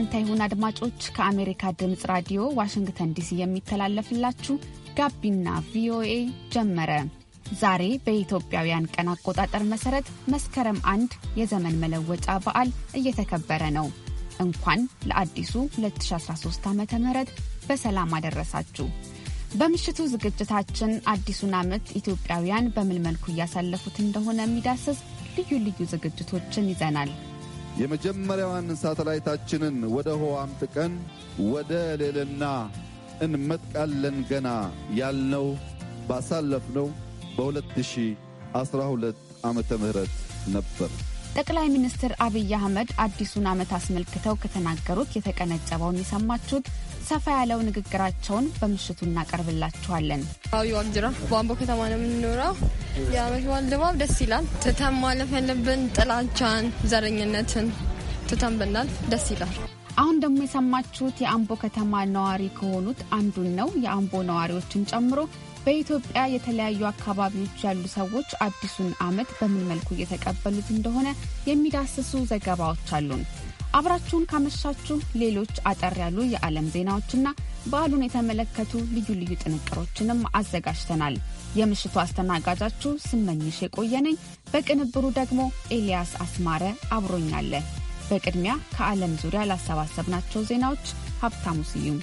እናንተ ይሁን አድማጮች፣ ከአሜሪካ ድምፅ ራዲዮ ዋሽንግተን ዲሲ የሚተላለፍላችሁ ጋቢና ቪኦኤ ጀመረ። ዛሬ በኢትዮጵያውያን ቀን አቆጣጠር መሰረት መስከረም አንድ የዘመን መለወጫ በዓል እየተከበረ ነው። እንኳን ለአዲሱ 2013 ዓ ም በሰላም አደረሳችሁ። በምሽቱ ዝግጅታችን አዲሱን ዓመት ኢትዮጵያውያን በምን መልኩ እያሳለፉት እንደሆነ የሚዳስስ ልዩ ልዩ ዝግጅቶችን ይዘናል። የመጀመሪያዋን ሳተላይታችንን ወደ ህዋ አምጥቀን ወደ ሌልና እንመጥቃለን ገና ያልነው ባሳለፍነው በ2012 ዓመተ ምህረት ነበር። ጠቅላይ ሚኒስትር አብይ አህመድ አዲሱን ዓመት አስመልክተው ከተናገሩት የተቀነጨበውን የሰማችሁት ሰፋ ያለው ንግግራቸውን በምሽቱ እናቀርብላችኋለን። አብዩ አብጅራ ቧንቦ ከተማ ነው የምንኖረው። የአመት በዓል ድባብ ደስ ይላል። ትተን ማለፍ ያለብን ጥላቻን፣ ዘረኝነትን ትተን ብናልፍ ደስ ይላል። አሁን ደግሞ የሰማችሁት የአምቦ ከተማ ነዋሪ ከሆኑት አንዱን ነው። የአምቦ ነዋሪዎችን ጨምሮ በኢትዮጵያ የተለያዩ አካባቢዎች ያሉ ሰዎች አዲሱን ዓመት በምን መልኩ እየተቀበሉት እንደሆነ የሚዳስሱ ዘገባዎች አሉን። አብራችሁን ካመሻችሁ ሌሎች አጠር ያሉ የዓለም ዜናዎችና በዓሉን የተመለከቱ ልዩ ልዩ ጥንቅሮችንም አዘጋጅተናል። የምሽቱ አስተናጋጃችሁ ስመኝሽ የቆየነኝ፣ በቅንብሩ ደግሞ ኤልያስ አስማረ አብሮኛለ። በቅድሚያ ከዓለም ዙሪያ ላሰባሰብናቸው ዜናዎች ሀብታሙ ስዩም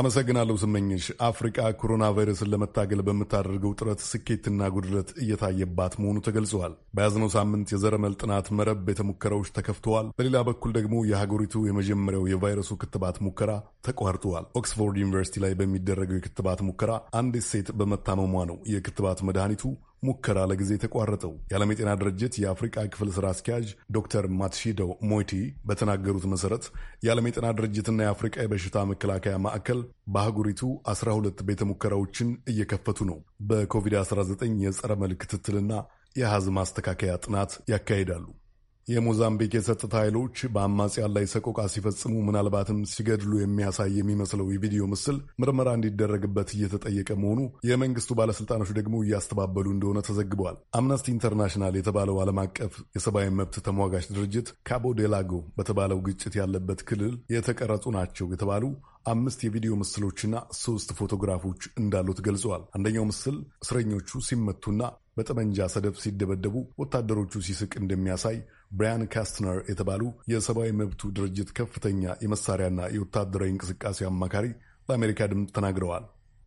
አመሰግናለሁ ስመኝሽ። አፍሪቃ ኮሮና ቫይረስን ለመታገል በምታደርገው ጥረት ስኬትና ጉድለት እየታየባት መሆኑ ተገልጸዋል። በያዝነው ሳምንት የዘረመል ጥናት መረብ ቤተ ሙከራዎች ተከፍተዋል። በሌላ በኩል ደግሞ የሀገሪቱ የመጀመሪያው የቫይረሱ ክትባት ሙከራ ተቋርጠዋል። ኦክስፎርድ ዩኒቨርሲቲ ላይ በሚደረገው የክትባት ሙከራ አንዲት ሴት በመታመሟ ነው የክትባት መድኃኒቱ ሙከራ ለጊዜ የተቋረጠው። የዓለም የጤና ድርጅት የአፍሪቃ ክፍል ስራ አስኪያጅ ዶክተር ማትሺዶ ሞይቲ በተናገሩት መሰረት የዓለም የጤና ድርጅትና የአፍሪቃ የበሽታ መከላከያ ማዕከል በአህጉሪቱ 12 ቤተ ሙከራዎችን እየከፈቱ ነው። በኮቪድ-19 የጸረ መልክ ክትትልና የአሃዝ ማስተካከያ ጥናት ያካሂዳሉ። የሞዛምቢክ የጸጥታ ኃይሎች በአማጽያን ላይ ሰቆቃ ሲፈጽሙ ምናልባትም ሲገድሉ የሚያሳይ የሚመስለው የቪዲዮ ምስል ምርመራ እንዲደረግበት እየተጠየቀ መሆኑ የመንግስቱ ባለስልጣኖች ደግሞ እያስተባበሉ እንደሆነ ተዘግበዋል። አምነስቲ ኢንተርናሽናል የተባለው ዓለም አቀፍ የሰብአዊ መብት ተሟጋች ድርጅት ካቦ ዴላጎ በተባለው ግጭት ያለበት ክልል የተቀረጹ ናቸው የተባሉ አምስት የቪዲዮ ምስሎችና ሶስት ፎቶግራፎች እንዳሉት ገልጸዋል። አንደኛው ምስል እስረኞቹ ሲመቱና በጠመንጃ ሰደፍ ሲደበደቡ፣ ወታደሮቹ ሲስቅ እንደሚያሳይ ብራያን ካስትነር የተባሉ የሰብአዊ መብቱ ድርጅት ከፍተኛ የመሳሪያና የወታደራዊ እንቅስቃሴ አማካሪ ለአሜሪካ ድምፅ ተናግረዋል።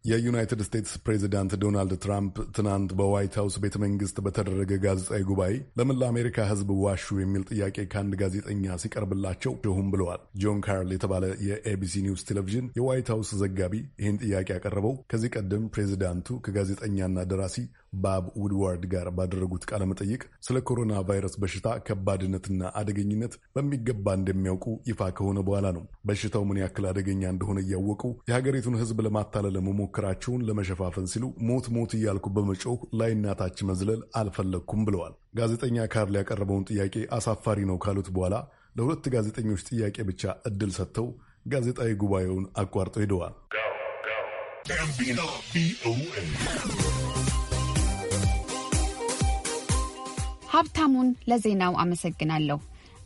የዩናይትድ ስቴትስ ፕሬዚዳንት ዶናልድ ትራምፕ ትናንት በዋይት ሀውስ ቤተ መንግስት በተደረገ ጋዜጣዊ ጉባኤ ለምን ለአሜሪካ ሕዝብ ዋሹ የሚል ጥያቄ ከአንድ ጋዜጠኛ ሲቀርብላቸው ሆም ብለዋል። ጆን ካርል የተባለ የኤቢሲ ኒውስ ቴሌቪዥን የዋይት ሀውስ ዘጋቢ ይህን ጥያቄ ያቀረበው ከዚህ ቀደም ፕሬዚዳንቱ ከጋዜጠኛና ደራሲ ባብ ውድዋርድ ጋር ባደረጉት ቃለ መጠይቅ ስለ ኮሮና ቫይረስ በሽታ ከባድነትና አደገኝነት በሚገባ እንደሚያውቁ ይፋ ከሆነ በኋላ ነው። በሽታው ምን ያክል አደገኛ እንደሆነ እያወቁ የሀገሪቱን ሕዝብ ለማታለል መሞ ሙከራቸውን ለመሸፋፈን ሲሉ ሞት ሞት እያልኩ በመጮህ ላይ እናታች መዝለል አልፈለግኩም ብለዋል። ጋዜጠኛ ካርል ያቀረበውን ጥያቄ አሳፋሪ ነው ካሉት በኋላ ለሁለት ጋዜጠኞች ጥያቄ ብቻ እድል ሰጥተው ጋዜጣዊ ጉባኤውን አቋርጠው ሄደዋል። ሀብታሙን ለዜናው አመሰግናለሁ።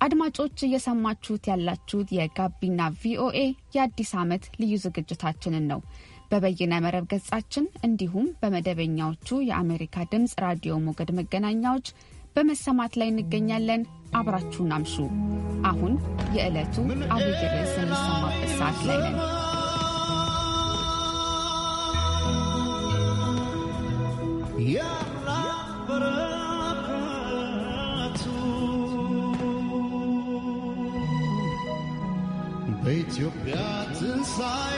አድማጮች እየሰማችሁት ያላችሁት የጋቢና ቪኦኤ የአዲስ ዓመት ልዩ ዝግጅታችንን ነው። በበይነ መረብ ገጻችን እንዲሁም በመደበኛዎቹ የአሜሪካ ድምፅ ራዲዮ ሞገድ መገናኛዎች በመሰማት ላይ እንገኛለን። አብራችሁን አምሹ። አሁን የዕለቱ አብይ ርዕስ የሚሰማበት ሰዓት ላይ ነን። በኢትዮጵያ ትንሣኤ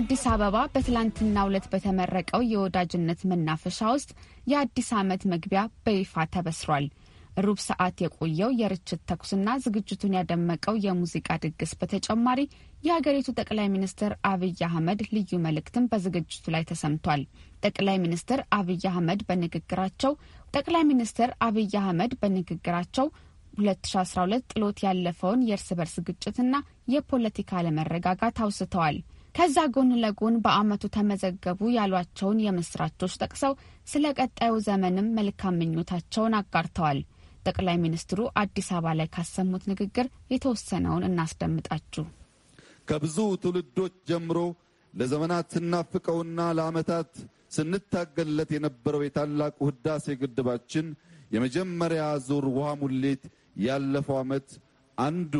በአዲስ አበባ በትላንትና ዕለት በተመረቀው የወዳጅነት መናፈሻ ውስጥ የአዲስ ዓመት መግቢያ በይፋ ተበስሯል። ሩብ ሰዓት የቆየው የርችት ተኩስና ዝግጅቱን ያደመቀው የሙዚቃ ድግስ በተጨማሪ የሀገሪቱ ጠቅላይ ሚኒስትር አብይ አህመድ ልዩ መልእክትም በዝግጅቱ ላይ ተሰምቷል። ጠቅላይ ሚኒስትር አብይ አህመድ በንግግራቸው ጠቅላይ ሚኒስትር አብይ አህመድ በንግግራቸው 2012 ጥሎት ያለፈውን የእርስ በርስ ግጭትና የፖለቲካ አለመረጋጋት አውስተዋል። ከዛ ጎን ለጎን በዓመቱ ተመዘገቡ ያሏቸውን የምስራቾች ጠቅሰው ስለ ቀጣዩ ዘመንም መልካም ምኞታቸውን አጋርተዋል። ጠቅላይ ሚኒስትሩ አዲስ አበባ ላይ ካሰሙት ንግግር የተወሰነውን እናስደምጣችሁ። ከብዙ ትውልዶች ጀምሮ ለዘመናት ስናፍቀውና ለዓመታት ስንታገልለት የነበረው የታላቁ ህዳሴ ግድባችን የመጀመሪያ ዙር ውሃ ሙሌት ያለፈው ዓመት አንዱ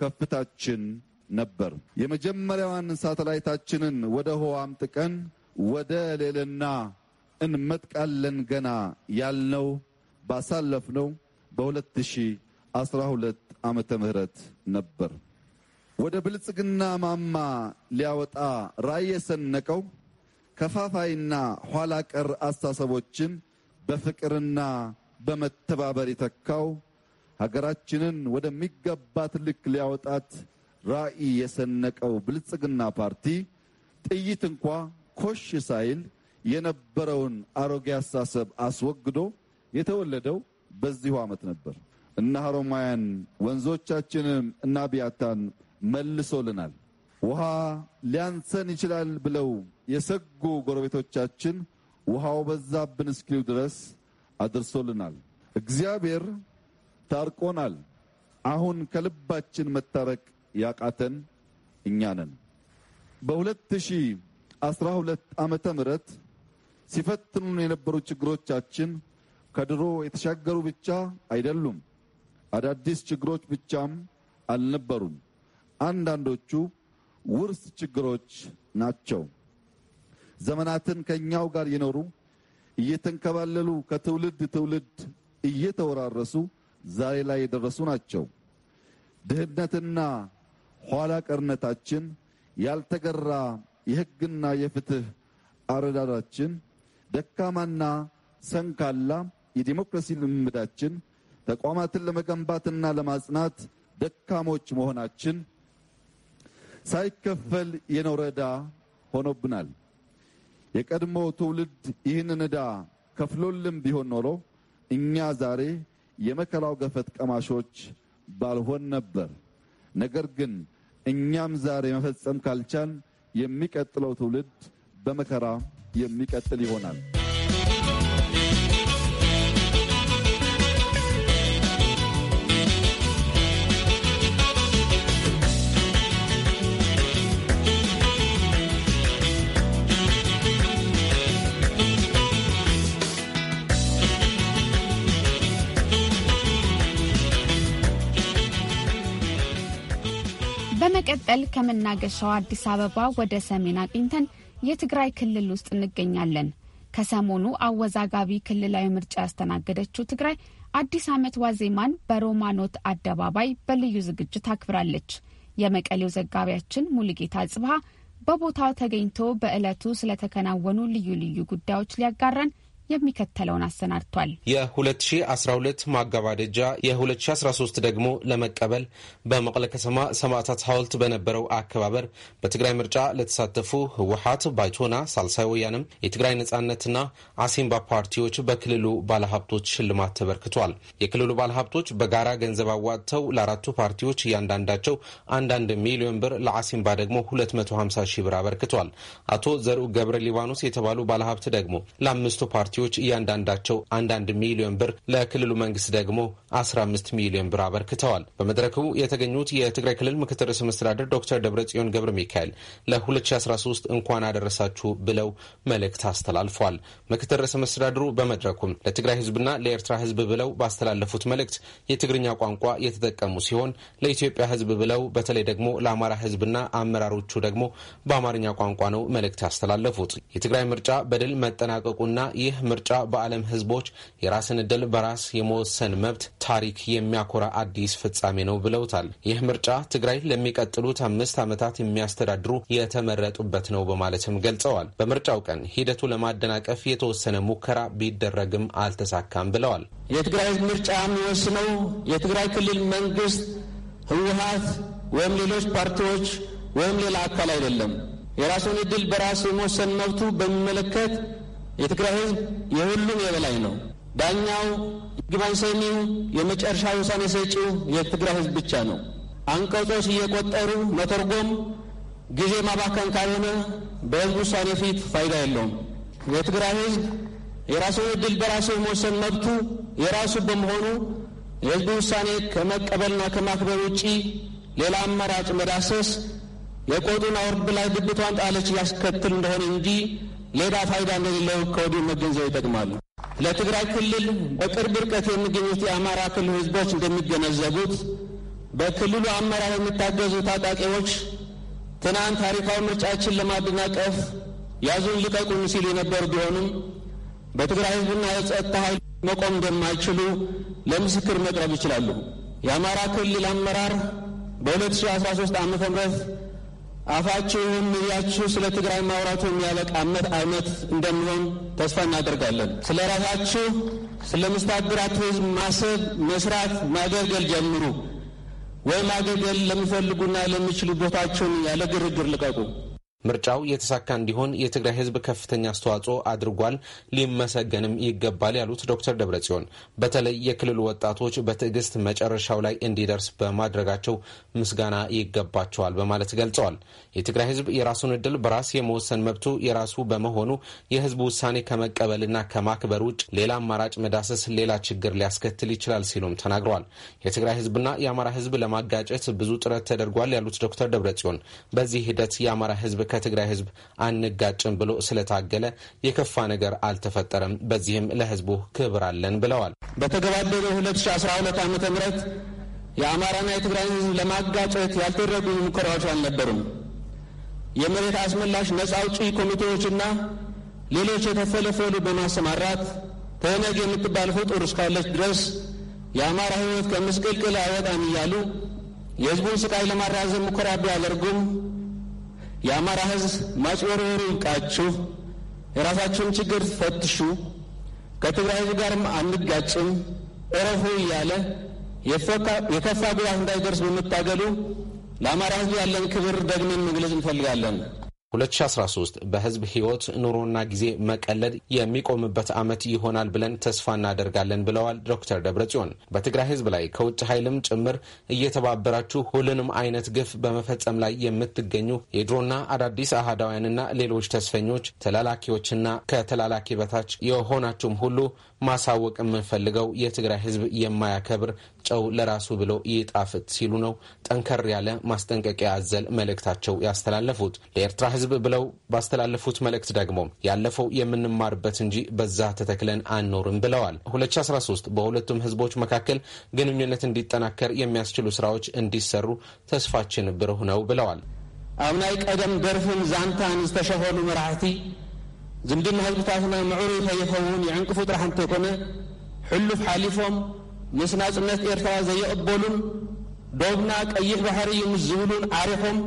ከፍታችን ነበር። የመጀመሪያዋን ሳተላይታችንን ወደ ህዋ አምጥቀን ወደ ሌልና እንመጥቃለን ገና ያልነው ባሳለፍነው በ2012 ዓመተ ምህረት ነበር። ወደ ብልጽግና ማማ ሊያወጣ ራዕይ የሰነቀው ከፋፋይና ኋላ ቀር አስተሳሰቦችን በፍቅርና በመተባበር የተካው ሀገራችንን ወደሚገባት ልክ ሊያወጣት ራዕይ የሰነቀው ብልጽግና ፓርቲ ጥይት እንኳ ኮሽ ሳይል የነበረውን አሮጌ አሳሰብ አስወግዶ የተወለደው በዚሁ ዓመት ነበር እና ሀሮማያን ወንዞቻችንም እና ቢያታን መልሶልናል። ውሃ ሊያንሰን ይችላል ብለው የሰጉ ጎረቤቶቻችን ውሃው በዛብን እስኪሉ ድረስ አድርሶልናል። እግዚአብሔር ታርቆናል። አሁን ከልባችን መታረቅ ያቃተን እኛ ነን። በ2012 ዓመተ ምህረት ሲፈትኑን የነበሩ ችግሮቻችን ከድሮ የተሻገሩ ብቻ አይደሉም። አዳዲስ ችግሮች ብቻም አልነበሩም። አንዳንዶቹ ውርስ ችግሮች ናቸው። ዘመናትን ከኛው ጋር የኖሩ እየተንከባለሉ ከትውልድ ትውልድ እየተወራረሱ ዛሬ ላይ የደረሱ ናቸው። ድህነትና ኋላ ቀርነታችን፣ ያልተገራ የህግና የፍትህ አረዳዳችን፣ ደካማና ሰንካላ የዲሞክራሲ ልምምዳችን፣ ተቋማትን ለመገንባትና ለማጽናት ደካሞች መሆናችን ሳይከፈል የኖረ ዕዳ ሆኖብናል። የቀድሞ ትውልድ ይህንን ዕዳ ከፍሎልም ቢሆን ኖሮ እኛ ዛሬ የመከራው ገፈት ቀማሾች ባልሆን ነበር። ነገር ግን እኛም ዛሬ መፈጸም ካልቻል የሚቀጥለው ትውልድ በመከራ የሚቀጥል ይሆናል። በመቀጠል ከመናገሻው አዲስ አበባ ወደ ሰሜን አቅኝተን የትግራይ ክልል ውስጥ እንገኛለን። ከሰሞኑ አወዛጋቢ ክልላዊ ምርጫ ያስተናገደችው ትግራይ አዲስ ዓመት ዋዜማን በሮማኖት አደባባይ በልዩ ዝግጅት አክብራለች። የመቀሌው ዘጋቢያችን ሙሉጌታ ጽብሃ በቦታው ተገኝቶ በዕለቱ ስለተከናወኑ ልዩ ልዩ ጉዳዮች ሊያጋራን የሚከተለውን አሰናድቷል። የ2012 ማገባደጃ የ2013 ደግሞ ለመቀበል በመቀለ ከተማ ሰማዕታት ሐውልት በነበረው አከባበር በትግራይ ምርጫ ለተሳተፉ ህወሀት፣ ባይቶና፣ ሳልሳይ ወያንም፣ የትግራይ ነጻነትና አሲምባ ፓርቲዎች በክልሉ ባለሀብቶች ሽልማት ተበርክቷል። የክልሉ ባለሀብቶች በጋራ ገንዘብ አዋጥተው ለአራቱ ፓርቲዎች እያንዳንዳቸው አንዳንድ ሚሊዮን ብር ለአሲምባ ደግሞ 250 ሺህ ብር አበርክቷል። አቶ ዘርኡ ገብረ ሊባኖስ የተባሉ ባለሀብት ደግሞ ለአምስቱ ፓርቲ ዩኒቨርሲቲዎች እያንዳንዳቸው አንዳንድ ሚሊዮን ብር ለክልሉ መንግስት ደግሞ 15 ሚሊዮን ብር አበርክተዋል። በመድረኩ የተገኙት የትግራይ ክልል ምክትል ርዕሰ መስተዳደር ዶክተር ደብረጽዮን ገብረ ሚካኤል ለ2013 እንኳን አደረሳችሁ ብለው መልእክት አስተላልፏል። ምክትል ርዕሰ መስተዳድሩ በመድረኩም ለትግራይ ህዝብና ለኤርትራ ህዝብ ብለው ባስተላለፉት መልእክት የትግርኛ ቋንቋ የተጠቀሙ ሲሆን ለኢትዮጵያ ህዝብ ብለው በተለይ ደግሞ ለአማራ ህዝብና አመራሮቹ ደግሞ በአማርኛ ቋንቋ ነው መልእክት ያስተላለፉት። የትግራይ ምርጫ በድል መጠናቀቁና ይህ ምርጫ በዓለም ህዝቦች የራስን እድል በራስ የመወሰን መብት ታሪክ የሚያኮራ አዲስ ፍጻሜ ነው ብለውታል። ይህ ምርጫ ትግራይ ለሚቀጥሉት አምስት ዓመታት የሚያስተዳድሩ የተመረጡበት ነው በማለትም ገልጸዋል። በምርጫው ቀን ሂደቱ ለማደናቀፍ የተወሰነ ሙከራ ቢደረግም አልተሳካም ብለዋል። የትግራይ ህዝብ ምርጫ የሚወስነው የትግራይ ክልል መንግስት ህወሀት ወይም ሌሎች ፓርቲዎች ወይም ሌላ አካል አይደለም። የራሱን እድል በራስ የመወሰን መብቱ በሚመለከት የትግራይ ህዝብ የሁሉም የበላይ ነው። ዳኛው፣ ይግባኝ ሰሚው፣ የመጨረሻ ውሳኔ ሰጪው የትግራይ ህዝብ ብቻ ነው። አንቀጾች እየቆጠሩ መተርጎም ጊዜ ማባከን ካልሆነ በህዝብ ውሳኔ ፊት ፋይዳ የለውም። የትግራይ ህዝብ የራሱን ዕድል በራሱ መወሰን መብቱ የራሱ በመሆኑ የህዝብ ውሳኔ ከመቀበልና ከማክበር ውጪ ሌላ አማራጭ መዳሰስ የቆጡን አውርድ ላይ ግብቷን ጣለች እያስከትል እንደሆነ እንጂ ሌላ ፋይዳ እንደሌለው ከወዲሁ መገንዘብ ይጠቅማሉ። ለትግራይ ክልል በቅርብ ርቀት የሚገኙት የአማራ ክልል ህዝቦች እንደሚገነዘቡት በክልሉ አመራር የሚታገዙ ታጣቂዎች ትናንት ታሪካዊ ምርጫችን ለማደናቀፍ ያዙን ልቀቁን ሲሉ የነበሩ ቢሆንም በትግራይ ህዝብና የጸጥታ ኃይል መቆም እንደማይችሉ ለምስክር መቅረብ ይችላሉ። የአማራ ክልል አመራር በ2013 ዓ ም አፋችሁ ይህም እያችሁ ስለ ትግራይ ማውራቱ የሚያለቅ አመት አይነት እንደሚሆን ተስፋ እናደርጋለን። ስለ ራሳችሁ ስለ ምስታግራት ህዝብ ማሰብ፣ መስራት፣ ማገልገል ጀምሩ። ወይም ማገልገል ለሚፈልጉና ለሚችሉ ቦታቸውን ያለ ግርግር ልቀቁ። ምርጫው የተሳካ እንዲሆን የትግራይ ሕዝብ ከፍተኛ አስተዋጽኦ አድርጓል፣ ሊመሰገንም ይገባል ያሉት ዶክተር ደብረጽዮን በተለይ የክልሉ ወጣቶች በትዕግስት መጨረሻው ላይ እንዲደርስ በማድረጋቸው ምስጋና ይገባቸዋል በማለት ገልጸዋል። የትግራይ ሕዝብ የራሱን እድል በራስ የመወሰን መብቱ የራሱ በመሆኑ የህዝቡ ውሳኔ ከመቀበልና ከማክበር ውጭ ሌላ አማራጭ መዳሰስ ሌላ ችግር ሊያስከትል ይችላል ሲሉም ተናግረዋል። የትግራይ ሕዝብና የአማራ ሕዝብ ለማጋጨት ብዙ ጥረት ተደርጓል ያሉት ዶክተር ደብረጽዮን በዚህ ሂደት የአማራ ሕዝብ ከትግራይ ህዝብ አንጋጭም ብሎ ስለታገለ የከፋ ነገር አልተፈጠረም። በዚህም ለህዝቡ ክብር አለን ብለዋል። በተገባደደው 2012 ዓ ም የአማራና የትግራይ ህዝብ ለማጋጨት ያልተደረጉ ሙከራዎች አልነበሩም። የመሬት አስመላሽ ነጻ አውጪ ኮሚቴዎችና ሌሎች የተፈለፈሉ በማሰማራት ተነግ የምትባል ፍጡር እስካለች ድረስ የአማራ ህይወት ከምስቅልቅል አይወጣም እያሉ የህዝቡን ስቃይ ለማራዘም ሙከራ ቢያደርጉም የአማራ ህዝብ ማጭበርበሩ ይብቃችሁ፣ የራሳችሁን ችግር ፈትሹ፣ ከትግራይ ህዝብ ጋርም አንጋጭም፣ እረፉ እያለ የከፋ ጉዳት እንዳይደርስ በመታገሉ ለአማራ ህዝብ ያለን ክብር ደግመን መግለጽ እንፈልጋለን። 2013 በህዝብ ህይወት ኑሮና ጊዜ መቀለድ የሚቆምበት ዓመት ይሆናል ብለን ተስፋ እናደርጋለን ብለዋል ዶክተር ደብረጽዮን። በትግራይ ህዝብ ላይ ከውጭ ኃይልም ጭምር እየተባበራችሁ ሁሉንም አይነት ግፍ በመፈጸም ላይ የምትገኙ የድሮና አዳዲስ አህዳውያንና ሌሎች ተስፈኞች ተላላኪዎችና ከተላላኪ በታች የሆናችሁም ሁሉ ማሳወቅ የምንፈልገው የትግራይ ህዝብ የማያከብር ጨው ለራሱ ብሎ ይጣፍጥ ሲሉ ነው ጠንከር ያለ ማስጠንቀቂያ አዘል መልእክታቸው ያስተላለፉት። ለኤርትራ ህዝብ ብለው ባስተላለፉት መልእክት ደግሞ ያለፈው የምንማርበት እንጂ በዛ ተተክለን አንኖርም ብለዋል። 2013 በሁለቱም ህዝቦች መካከል ግንኙነት እንዲጠናከር የሚያስችሉ ስራዎች እንዲሰሩ ተስፋችን ብሩህ ነው ብለዋል። ኣብ ናይ ቀደም ደርፍን ዛንታን ዝተሸፈኑ መራሕቲ ዝምድና ህዝብታትና ምዕሩ ከይኸውን ይዕንቅፉ ጥራሕ እንተይኮነ ሕሉፍ ሓሊፎም ምስ ናጽነት ኤርትራ ዘየቕበሉን ዶብና ቀይሕ ባሕሪ እዩ ምስ ዝብሉን ዓሪኾም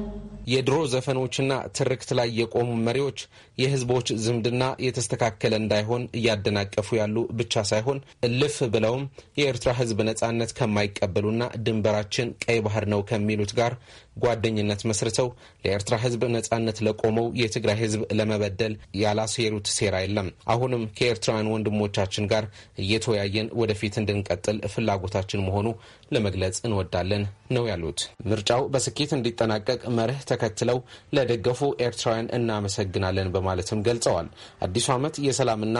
የድሮ ዘፈኖችና ትርክት ላይ የቆሙ መሪዎች የህዝቦች ዝምድና የተስተካከለ እንዳይሆን እያደናቀፉ ያሉ ብቻ ሳይሆን እልፍ ብለውም የኤርትራ ህዝብ ነጻነት ከማይቀበሉና ድንበራችን ቀይ ባህር ነው ከሚሉት ጋር ጓደኝነት መስርተው ለኤርትራ ህዝብ ነጻነት ለቆመው የትግራይ ህዝብ ለመበደል ያላሴሩት ሴራ የለም። አሁንም ከኤርትራውያን ወንድሞቻችን ጋር እየተወያየን ወደፊት እንድንቀጥል ፍላጎታችን መሆኑ ለመግለጽ እንወዳለን ነው ያሉት። ምርጫው በስኬት እንዲጠናቀቅ መርህ ተከትለው ለደገፉ ኤርትራውያን እናመሰግናለን በማለትም ገልጸዋል። አዲሱ ዓመት የሰላምና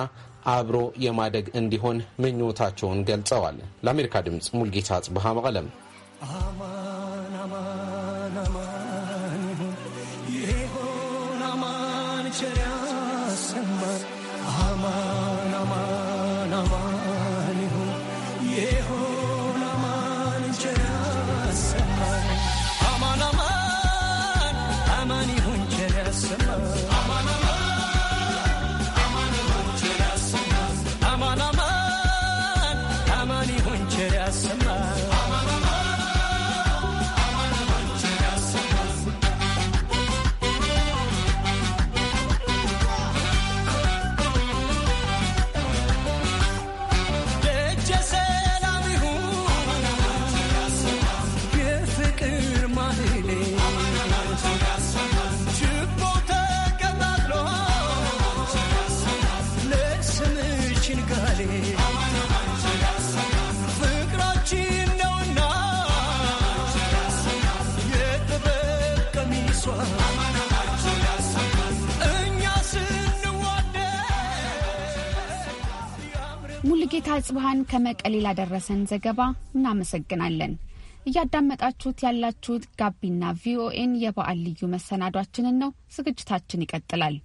አብሮ የማደግ እንዲሆን ምኞታቸውን ገልጸዋል። ለአሜሪካ ድምፅ ሙልጌታ ጽብሃ መቀለም Ama ፍቅራችን ነውና የጥበብ ቀሚሷ እኛ ሙሉጌታ ጽብሃን ከመቀሌ ላደረሰን ዘገባ እናመሰግናለን። እያዳመጣችሁት ያላችሁት ጋቢና ቪኦኤን የበዓል ልዩ መሰናዷችንን ነው። ዝግጅታችን ይቀጥላል።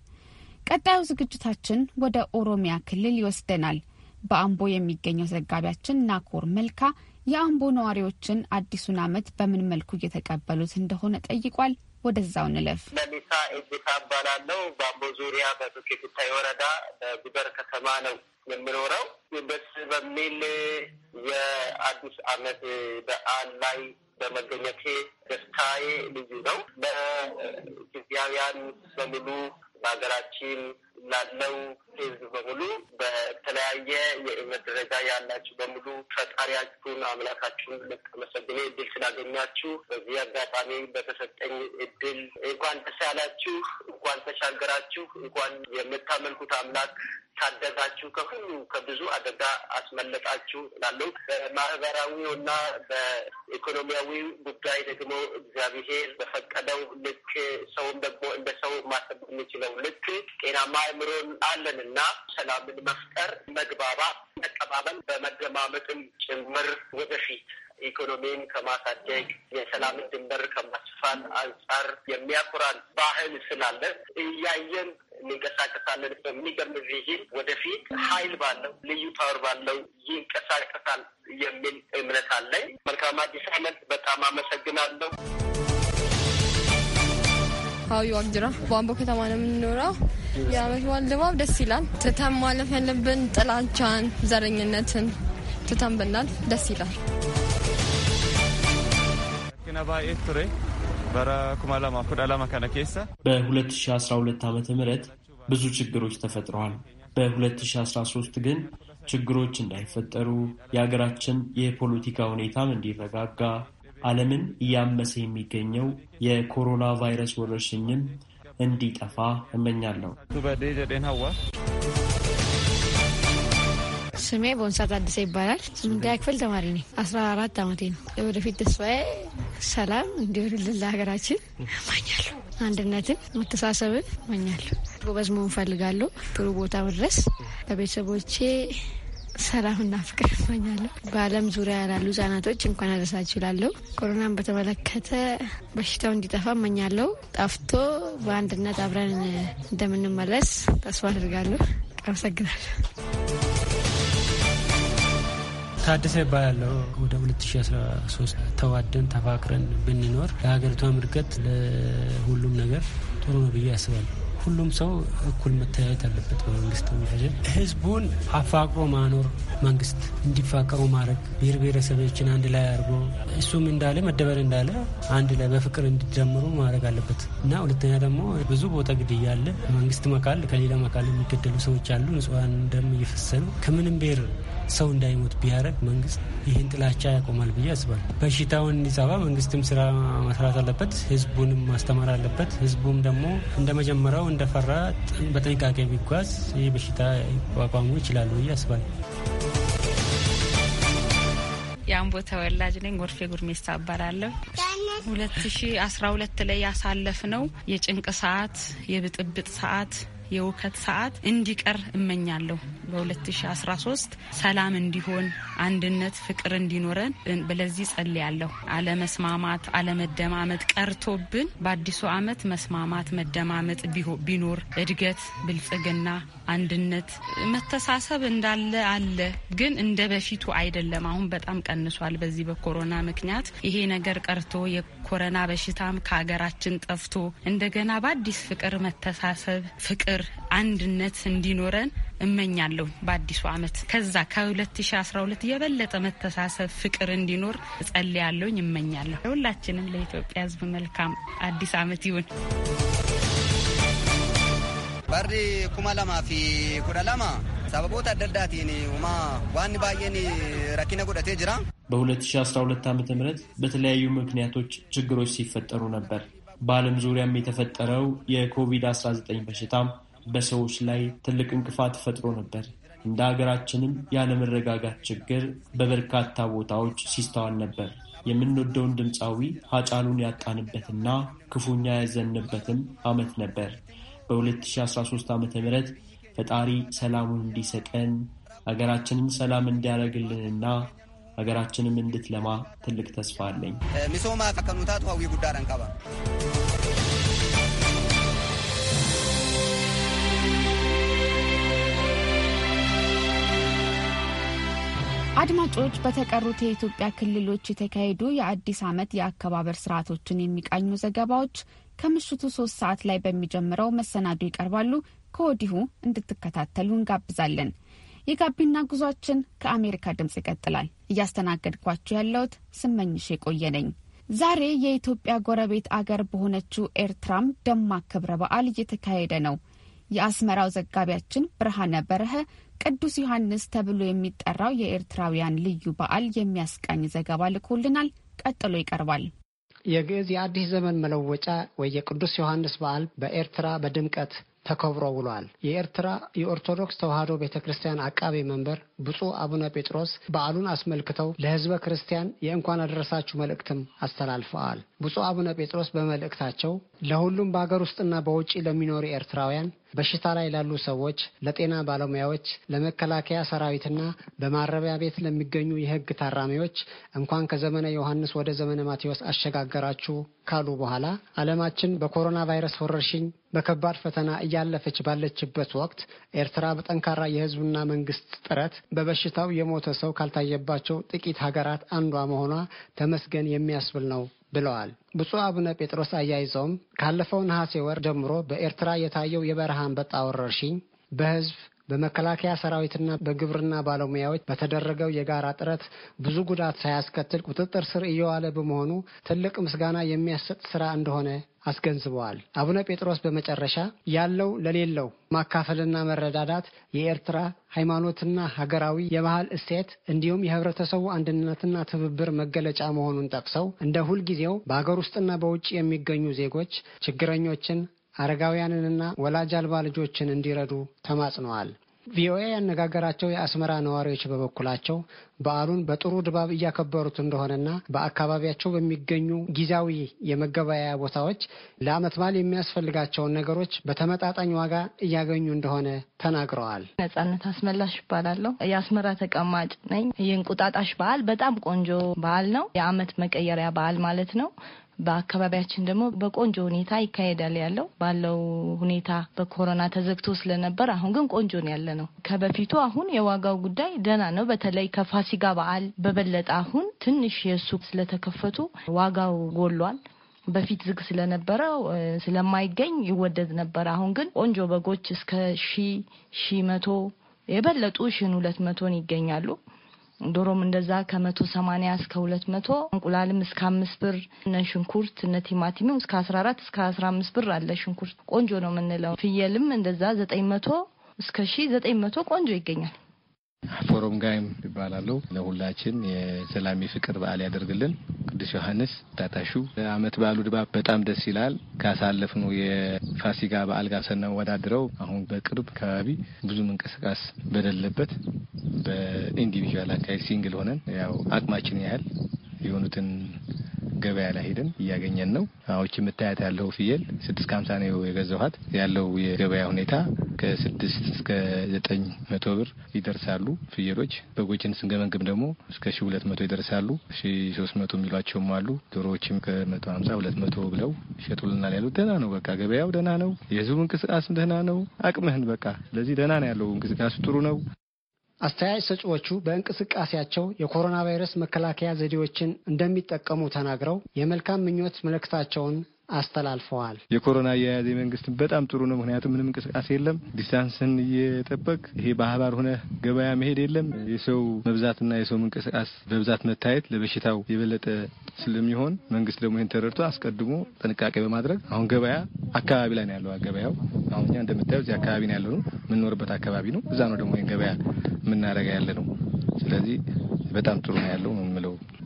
ቀጣዩ ዝግጅታችን ወደ ኦሮሚያ ክልል ይወስደናል። በአምቦ የሚገኘው ዘጋቢያችን ናኮር መልካ የአምቦ ነዋሪዎችን አዲሱን ዓመት በምን መልኩ እየተቀበሉት እንደሆነ ጠይቋል። ወደዛው ንለፍ። መሊሳ እጅታ እባላለሁ። በአምቦ ዙሪያ በዱኬትታይ ወረዳ በጉደር ከተማ ነው የምኖረው። ደስ በሚል የአዲስ ዓመት በዓል ላይ በመገኘቴ ደስታዬ ልዩ ነው። ለኢትዮጵያውያን በሙሉ በሀገራችን ላለው ህዝብ በሙሉ በተለያየ የእምነት ደረጃ ያላችሁ በሙሉ ፈጣሪያችሁን አምላካችሁን ልታመሰግኑ እድል ስላገኛችሁ በዚህ አጋጣሚ በተሰጠኝ እድል እንኳን ደስ እንኳን ተሻገራችሁ፣ እንኳን የምታመልኩት አምላክ ታደጋችሁ፣ ከሁሉ ከብዙ አደጋ አስመለጣችሁ ላለው በማህበራዊው እና በኢኮኖሚያዊ ጉዳይ ደግሞ እግዚአብሔር በፈቀደው ልክ ሰውን ደግሞ እንደ ሰው ማሰብ የሚችለው ልክ ጤናማ አእምሮን አለንና ሰላምን መፍጠር፣ መግባባት፣ መቀባበል በመገማመጥም ጭምር ወደፊት ኢኮኖሚን ከማሳደግ የሰላምን ድንበር ከማስፋት አንጻር የሚያኮራን ባህል ስላለን እያየን እንንቀሳቀሳለን። በሚገርም ዚህም ወደፊት ኃይል ባለው ልዩ ፓወር ባለው ይንቀሳቀሳል የሚል እምነት አለኝ። መልካም አዲስ ዓመት። በጣም አመሰግናለሁ። ሀዊ ዋቅጅራ በአምቦ ከተማ ነው የምንኖረው። የአመት በዓል ድባብ ደስ ይላል። ትተን ማለፍ ያለብን ጥላቻን፣ ዘረኝነትን ትተን ብናል ደስ ይላል። በ2012 ዓ ም ብዙ ችግሮች ተፈጥረዋል። በ2013 ግን ችግሮች እንዳይፈጠሩ የሀገራችን የፖለቲካ ሁኔታም እንዲረጋጋ ዓለምን እያመሰ የሚገኘው የኮሮና ቫይረስ ወረርሽኝም እንዲጠፋ እመኛለሁ። ስሜ ቦንሳ አዲሰ ይባላል። ስምንተኛ ክፍል ተማሪ ነኝ። አስራ አራት አመቴ ነው። የወደፊት ተስፋዬ ሰላም እንዲሆንልን ለሀገራችን እመኛለሁ። አንድነትን፣ መተሳሰብን እመኛለሁ። ጎበዝ መሆን እፈልጋለሁ። ጥሩ ቦታ መድረስ ለቤተሰቦቼ ሰላምና ፍቅር እመኛለሁ። በዓለም ዙሪያ ላሉ ህጻናቶች እንኳን አደረሳችሁ እላለሁ። ኮሮናን በተመለከተ በሽታው እንዲጠፋ እመኛለሁ። ጠፍቶ በአንድነት አብረን እንደምንመለስ ተስፋ አድርጋለሁ። አመሰግናለሁ። ታደሰ ይባላለሁ። ወደ 2013 ተዋደን ተፋቅረን ብንኖር ለሀገሪቷም እድገት ለሁሉም ነገር ጥሩ ነው ብዬ አስባለሁ። ሁሉም ሰው እኩል መተያየት አለበት። በመንግስት የሚፈጀ ህዝቡን አፋቅሮ ማኖር፣ መንግስት እንዲፋቀሩ ማድረግ፣ ብሔር ብሔረሰቦችን አንድ ላይ አድርጎ እሱም እንዳለ መደበር እንዳለ አንድ ላይ በፍቅር እንዲጀምሩ ማድረግ አለበት እና ሁለተኛ ደግሞ ብዙ ቦታ ግድያ አለ። መንግስት መካል ከሌላ መካል የሚገደሉ ሰዎች አሉ። ንጹሃን ደም እየፈሰኑ ከምንም ብሔር ሰው እንዳይሞት ቢያረግ መንግስት ይህን ጥላቻ ያቆማል ብዬ አስባለሁ። በሽታውን እንዲጸባ መንግስትም ስራ መስራት አለበት፣ ህዝቡንም ማስተማር አለበት። ህዝቡም ደግሞ እንደ መጀመሪያው እንደፈራ በጥንቃቄ ቢጓዝ ይህ በሽታ ቋቋሙ ይችላሉ ብዬ አስባለሁ። የአምቦ ተወላጅ ነኝ። ጎርፌ ጉርሜሳ እባላለሁ። ሁለት ሺ አስራ ሁለት ላይ ያሳለፍ ነው የጭንቅ ሰዓት፣ የብጥብጥ ሰዓት፣ የውከት ሰዓት እንዲቀር እመኛለሁ። በ2013 ሰላም እንዲሆን፣ አንድነት፣ ፍቅር እንዲኖረን በለዚህ ጸልያለሁ። አለመስማማት፣ አለመደማመጥ ቀርቶብን በአዲሱ ዓመት መስማማት፣ መደማመጥ ቢኖር እድገት፣ ብልጽግና፣ አንድነት፣ መተሳሰብ እንዳለ አለ። ግን እንደ በፊቱ አይደለም። አሁን በጣም ቀንሷል። በዚህ በኮሮና ምክንያት ይሄ ነገር ቀርቶ የኮሮና በሽታም ከሀገራችን ጠፍቶ እንደገና በአዲስ ፍቅር፣ መተሳሰብ፣ ፍቅር፣ አንድነት እንዲኖረን እመኛለሁ። በአዲሱ አመት ከዛ ከ2012 የበለጠ መተሳሰብ፣ ፍቅር እንዲኖር እጸልያለሁ፣ እመኛለሁ። ሁላችንም ለኢትዮጵያ ሕዝብ መልካም አዲስ አመት ይሁን። ባሪ ኩማ ለማ ፊ ኩዳ ለማ ሰበቦት አደዳቲን ማ ዋን ባየን ረኪነ ጉደቴ ጅራ በ2012 ዓ ም በተለያዩ ምክንያቶች ችግሮች ሲፈጠሩ ነበር። በዓለም ዙሪያም የተፈጠረው የኮቪድ-19 በሽታም በሰዎች ላይ ትልቅ እንቅፋት ፈጥሮ ነበር። እንደ ሀገራችንም ያለመረጋጋት ችግር በበርካታ ቦታዎች ሲስተዋል ነበር። የምንወደውን ድምፃዊ ሀጫሉን ያጣንበትና ክፉኛ ያዘንበትም ዓመት ነበር። በ2013 ዓ ም ፈጣሪ ሰላሙን እንዲሰጠን ሀገራችንን ሰላም እንዲያደርግልንና ሀገራችንም እንድትለማ ትልቅ ተስፋ አለኝ። ሚሶማ ፈከኑታት ዋዊ ጉዳ አድማጮች በተቀሩት የኢትዮጵያ ክልሎች የተካሄዱ የአዲስ ዓመት የአከባበር ስርዓቶችን የሚቃኙ ዘገባዎች ከምሽቱ ሶስት ሰዓት ላይ በሚጀምረው መሰናዶ ይቀርባሉ። ከወዲሁ እንድትከታተሉ እንጋብዛለን። የጋቢና ጉዟችን ከአሜሪካ ድምፅ ይቀጥላል። እያስተናገድኳችሁ ያለሁት ስመኝሽ የቆየ ነኝ። ዛሬ የኢትዮጵያ ጎረቤት አገር በሆነችው ኤርትራም ደማቅ ክብረ በዓል እየተካሄደ ነው። የአስመራው ዘጋቢያችን ብርሃነ በረኸ ቅዱስ ዮሐንስ ተብሎ የሚጠራው የኤርትራውያን ልዩ በዓል የሚያስቃኝ ዘገባ ልኮልናል። ቀጥሎ ይቀርባል። የግዕዝ የአዲስ ዘመን መለወጫ ወይ የቅዱስ ዮሐንስ በዓል በኤርትራ በድምቀት ተከብሮ ውሏል። የኤርትራ የኦርቶዶክስ ተዋሕዶ ቤተ ክርስቲያን አቃቤ መንበር ብፁዕ አቡነ ጴጥሮስ በዓሉን አስመልክተው ለሕዝበ ክርስቲያን የእንኳን አደረሳችሁ መልእክትም አስተላልፈዋል። ብፁዕ አቡነ ጴጥሮስ በመልእክታቸው ለሁሉም በሀገር ውስጥና በውጭ ለሚኖሩ ኤርትራውያን፣ በሽታ ላይ ላሉ ሰዎች፣ ለጤና ባለሙያዎች፣ ለመከላከያ ሰራዊትና በማረቢያ ቤት ለሚገኙ የሕግ ታራሚዎች እንኳን ከዘመነ ዮሐንስ ወደ ዘመነ ማቴዎስ አሸጋገራችሁ ካሉ በኋላ ዓለማችን በኮሮና ቫይረስ ወረርሽኝ በከባድ ፈተና እያለፈች ባለችበት ወቅት ኤርትራ በጠንካራ የህዝብና መንግስት ጥረት በበሽታው የሞተ ሰው ካልታየባቸው ጥቂት ሀገራት አንዷ መሆኗ ተመስገን የሚያስብል ነው ብለዋል። ብፁዕ አቡነ ጴጥሮስ አያይዘውም ካለፈው ነሐሴ ወር ጀምሮ በኤርትራ የታየው የበረሃ አንበጣ ወረርሽኝ በህዝብ በመከላከያ ሰራዊትና በግብርና ባለሙያዎች በተደረገው የጋራ ጥረት ብዙ ጉዳት ሳያስከትል ቁጥጥር ስር እየዋለ በመሆኑ ትልቅ ምስጋና የሚያሰጥ ስራ እንደሆነ አስገንዝበዋል። አቡነ ጴጥሮስ በመጨረሻ ያለው ለሌለው ማካፈልና መረዳዳት የኤርትራ ሃይማኖትና ሀገራዊ የባህል እሴት እንዲሁም የህብረተሰቡ አንድነትና ትብብር መገለጫ መሆኑን ጠቅሰው እንደ ሁልጊዜው በአገር ውስጥና በውጭ የሚገኙ ዜጎች ችግረኞችን አረጋውያንንና ወላጅ አልባ ልጆችን እንዲረዱ ተማጽነዋል። ቪኦኤ ያነጋገራቸው የአስመራ ነዋሪዎች በበኩላቸው በዓሉን በጥሩ ድባብ እያከበሩት እንደሆነና በአካባቢያቸው በሚገኙ ጊዜያዊ የመገበያያ ቦታዎች ለዓመት በዓል የሚያስፈልጋቸውን ነገሮች በተመጣጣኝ ዋጋ እያገኙ እንደሆነ ተናግረዋል። ነጻነት አስመላሽ ይባላለሁ። የአስመራ ተቀማጭ ነኝ። የእንቁጣጣሽ በዓል በጣም ቆንጆ በዓል ነው። የዓመት መቀየሪያ በዓል ማለት ነው። በአካባቢያችን ደግሞ በቆንጆ ሁኔታ ይካሄዳል ያለው ባለው ሁኔታ በኮሮና ተዘግቶ ስለነበር አሁን ግን ቆንጆ ነው ያለ ነው ከበፊቱ። አሁን የዋጋው ጉዳይ ደህና ነው። በተለይ ከፋሲካ በዓል በበለጠ አሁን ትንሽ የእሱ ስለተከፈቱ ዋጋው ጎሏል። በፊት ዝግ ስለነበረ ስለማይገኝ ይወደድ ነበር። አሁን ግን ቆንጆ በጎች እስከ ሺ ሺ መቶ የበለጡ ሽን ሁለት መቶን ይገኛሉ። ዶሮም እንደዛ ከመቶ ሰማኒያ እስከ ሁለት መቶ እንቁላልም እስከ አምስት ብር እነ ሽንኩርት እነ ቲማቲምም እስከ አስራ አራት እስከ አስራ አምስት ብር አለ ሽንኩርት ቆንጆ ነው የምንለው። ፍየልም እንደዛ ዘጠኝ መቶ እስከ ሺ ዘጠኝ መቶ ቆንጆ ይገኛል። ፎረም ጋይም ይባላለሁ። ለሁላችን የሰላም ፍቅር በዓል ያደርግልን። ቅዱስ ዮሐንስ ታታሹ አመት በዓሉ ድባብ በጣም ደስ ይላል። ካሳለፍነው የፋሲጋ በዓል ጋር ስናወዳድረው አሁን በቅርብ አካባቢ ብዙም እንቅስቃሴ በደለበት በኢንዲቪዥዋል አካሄድ ሲንግል ሆነን ያው አቅማችን ያህል የሆኑትን ገበያ ላይ ሄደን እያገኘን ነው። አዎች የምታያት ያለው ፍየል ስድስት ከሀምሳ ነው የገዛኋት። ያለው የገበያ ሁኔታ ከስድስት እስከ ዘጠኝ መቶ ብር ይደርሳሉ ፍየሎች። በጎችን ስንገመግም ደግሞ እስከ ሺ ሁለት መቶ ይደርሳሉ። ሺ ሶስት መቶ የሚሏቸውም አሉ። ዶሮዎችም ከመቶ ሀምሳ ሁለት መቶ ብለው ይሸጡልናል። ያሉት ደህና ነው። በቃ ገበያው ደህና ነው። የህዝቡ እንቅስቃሴም ደህና ነው። አቅምህን በቃ ስለዚህ ደህና ነው ያለው እንቅስቃሴ ጥሩ ነው። አስተያየት ሰጪዎቹ በእንቅስቃሴያቸው የኮሮና ቫይረስ መከላከያ ዘዴዎችን እንደሚጠቀሙ ተናግረው የመልካም ምኞት መልእክታቸውን አስተላልፈዋል። የኮሮና አያያዝ መንግስት በጣም ጥሩ ነው። ምክንያቱም ምንም እንቅስቃሴ የለም። ዲስታንስን እየጠበቅ ይሄ ባህባር ሆነ ገበያ መሄድ የለም። የሰው መብዛትና የሰው እንቅስቃሴ በብዛት መታየት ለበሽታው የበለጠ ስለሚሆን መንግስት ደግሞ ይህን ተረድቶ አስቀድሞ ጥንቃቄ በማድረግ አሁን ገበያ አካባቢ ላይ ነው ያለው። ገበያው አሁን እኛ እንደምታየው እዚህ አካባቢ ነው ያለው፣ ነው የምንኖርበት አካባቢ ነው። እዛ ነው ደግሞ ይህን ገበያ የምናደርጋ ያለ ነው። ስለዚህ በጣም ጥሩ ነው ያለው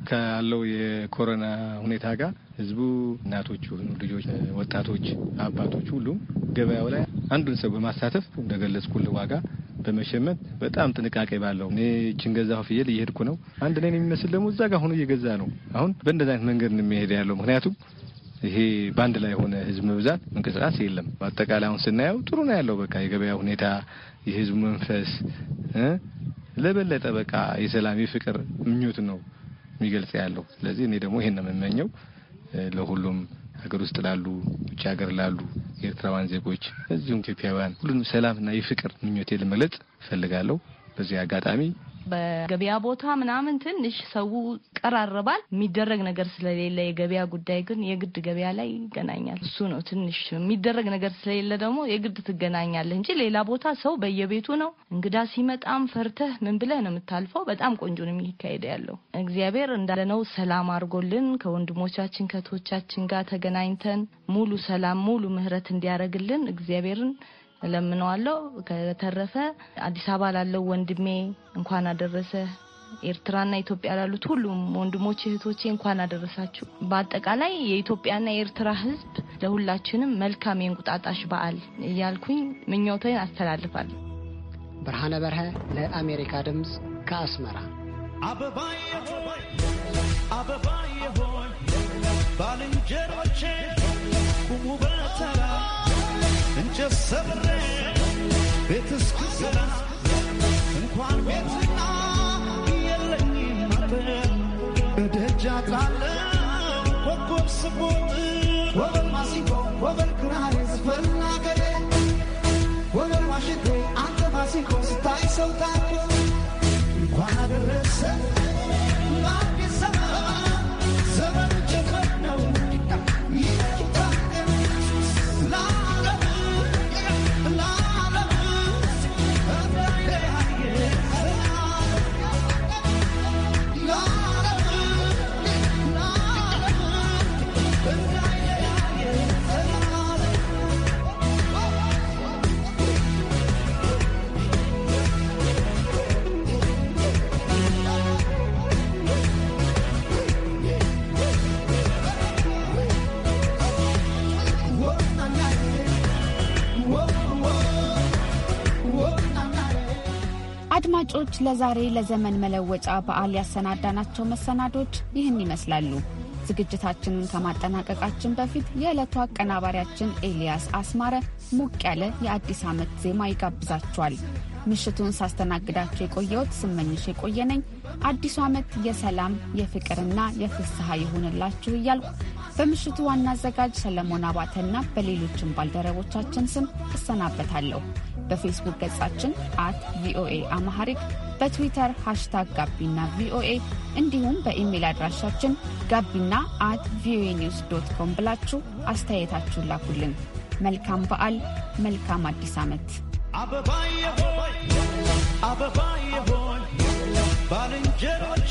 ካለው የኮሮና ሁኔታ ጋር ህዝቡ፣ እናቶች ልጆች፣ ወጣቶች፣ አባቶች ሁሉም ገበያው ላይ አንዱን ሰው በማሳተፍ እንደገለጽኩል ዋጋ በመሸመት በጣም ጥንቃቄ ባለው እኔ እችን ገዛሁ ፍየል እየሄድኩ ነው። አንድ ላይ የሚመስል ደግሞ እዛ ጋር ሆኖ እየገዛ ነው። አሁን በእንደዚ አይነት መንገድ የሚሄድ ያለው ምክንያቱም ይሄ በአንድ ላይ የሆነ ህዝብ መብዛት እንቅስቃሴ የለም። በአጠቃላይ አሁን ስናየው ጥሩ ነው ያለው በቃ የገበያ ሁኔታ የህዝቡ መንፈስ ለበለጠ በቃ የሰላም የፍቅር ምኞት ነው የሚገልጽ ያለው። ስለዚህ እኔ ደግሞ ይሄን ነው የምመኘው ለሁሉም ሀገር ውስጥ ላሉ ውጭ ሀገር ላሉ የኤርትራውያን ዜጎች እዚሁም ኢትዮጵያውያን ሁሉንም ሰላምና የፍቅር ምኞቴ ልመግለጽ እፈልጋለሁ። በዚህ አጋጣሚ በገበያ ቦታ ምናምን ትንሽ ሰው ቀራረባል። የሚደረግ ነገር ስለሌለ የገበያ ጉዳይ ግን የግድ ገበያ ላይ ይገናኛል። እሱ ነው ትንሽ የሚደረግ ነገር ስለሌለ ደግሞ የግድ ትገናኛለህ እንጂ ሌላ ቦታ ሰው በየቤቱ ነው። እንግዳ ሲመጣም ፈርተህ ምን ብለህ ነው የምታልፈው። በጣም ቆንጆ ነው የሚካሄደ ያለው። እግዚአብሔር እንዳለ ነው ሰላም አድርጎልን ከወንድሞቻችን ከቶቻችን ጋር ተገናኝተን ሙሉ ሰላም ሙሉ ምህረት እንዲያደርግልን እግዚአብሔርን እለምነዋለሁ። ከተረፈ አዲስ አበባ ላለው ወንድሜ እንኳን አደረሰ፣ ኤርትራና ኢትዮጵያ ላሉት ሁሉም ወንድሞች እህቶቼ እንኳን አደረሳችሁ። በአጠቃላይ የኢትዮጵያና የኤርትራ ሕዝብ ለሁላችንም መልካም የእንቁጣጣሽ በዓል እያልኩኝ ምኞቴን አስተላልፋለሁ። ብርሃነ በርሀ ለአሜሪካ ድምፅ ከአስመራ አበባዬ ሆይ ባልንጀሮቼ እንጨት ሰብሬ ቤት እስክሰራ እንኳን ቤትና የለኝም ማበል እደጃ ጣለ ኮኮብ ስቦጥ ለዛሬ ለዘመን መለወጫ በዓል ያሰናዳናቸው መሰናዶች ይህን ይመስላሉ። ዝግጅታችንን ከማጠናቀቃችን በፊት የዕለቱ አቀናባሪያችን ኤልያስ አስማረ ሞቅ ያለ የአዲስ ዓመት ዜማ ይጋብዛችኋል። ምሽቱን ሳስተናግዳቸው የቆየሁት ስመኝሽ የቆየነኝ። አዲሱ ዓመት የሰላም የፍቅርና የፍስሐ ይሁንላችሁ እያልኩ በምሽቱ ዋና አዘጋጅ ሰለሞን አባተና በሌሎችም ባልደረቦቻችን ስም እሰናበታለሁ። በፌስቡክ ገጻችን አት ቪኦኤ አማሐሪክ በትዊተር ሃሽታግ ጋቢና ቪኦኤ እንዲሁም በኢሜይል አድራሻችን ጋቢና አት ቪኦኤ ኒውስ ዶት ኮም ብላችሁ አስተያየታችሁን ላኩልን። መልካም በዓል፣ መልካም አዲስ ዓመት። አበባዬ ሆይ አበባዬ ሆይ ባልንጀሮቼ